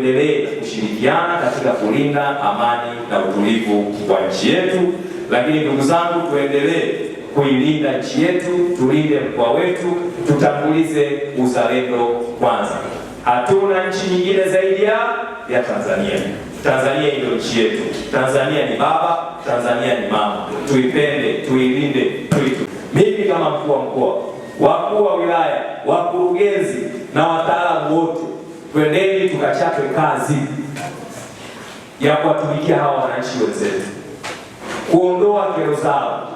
tuendelee kushirikiana katika kulinda amani na utulivu wa nchi yetu. Lakini ndugu zangu, tuendelee kuilinda nchi yetu, tulinde mkoa wetu, tutangulize uzalendo kwanza. Hatuna nchi nyingine zaidi ya ya Tanzania. Tanzania ndio nchi yetu. Tanzania ni baba, Tanzania ni mama. Tuipende, tuilinde, tuitu. Mimi kama mkuu wa mkoa, wakuu wa wilaya, wakurugenzi na wataalamu wote, twendeni kifunga chake kazi ya kuwatumikia hawa wananchi wenzetu, kuondoa kero zao,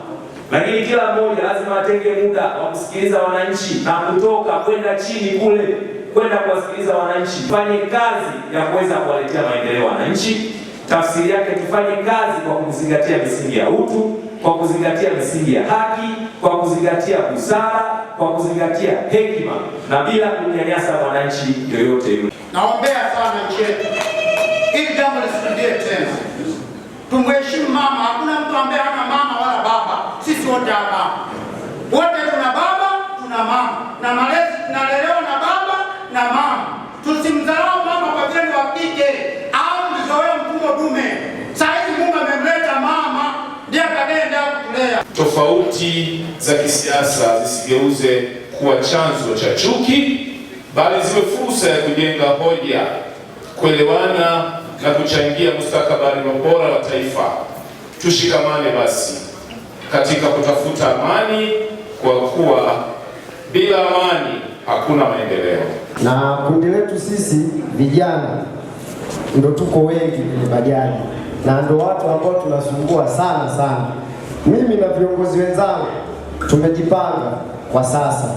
lakini kila mmoja lazima atenge muda wa kusikiliza wananchi na kutoka kwenda chini kule kwenda kuwasikiliza wananchi. fanye kazi ya kuweza kuwaletea maendeleo wananchi. Tafsiri yake tufanye kazi kwa kuzingatia misingi ya utu, kwa kuzingatia misingi ya haki, kwa kuzingatia busara, kwa kuzingatia hekima na bila kunyanyasa mwananchi yoyote yule. Naombea sana nchi yetu ili jambo lisirudie tena. Tumheshimu mama. Hakuna mtu ambaye hana mama wala baba. Sisi wote hapa wote tuna baba, tuna mama na malezi, tunalelewa na baba na mama. Tusimdharau mama kwa vile ni wa kike au mzoea mtumbo dume. Saa hizi Mungu amemleta mama, ndiye atakayeenda kulea. Tofauti za kisiasa zisigeuze kuwa chanzo cha chuki bali ziwe fursa ya kujenga hoja, kuelewana na kuchangia mustakabali bora wa taifa. Tushikamane basi katika kutafuta amani, kwa kuwa bila amani hakuna maendeleo. Na kundi letu sisi vijana ndo tuko wengi kwenye bajaji na ndo watu ambao tunasumbua sana sana. Mimi na viongozi wenzangu tumejipanga kwa sasa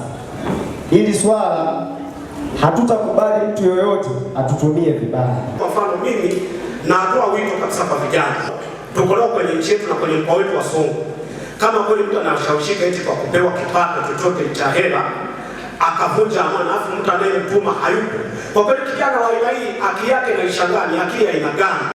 ili swala hatutakubali mtu yoyote atutumie vibaya. Kwa mfano, mimi natoa wito kabisa kwa vijana, tukolewa kwenye nchi yetu na kwenye mkoa wetu wa Songwe, kama kweli mtu anashawishika eti kwa kupewa kipato chochote cha hela akavunja amana, alafu mtu anayemtuma hayupo, kwa kweli kijana wa aina hii akili yake naishangani, akili ya aina gani?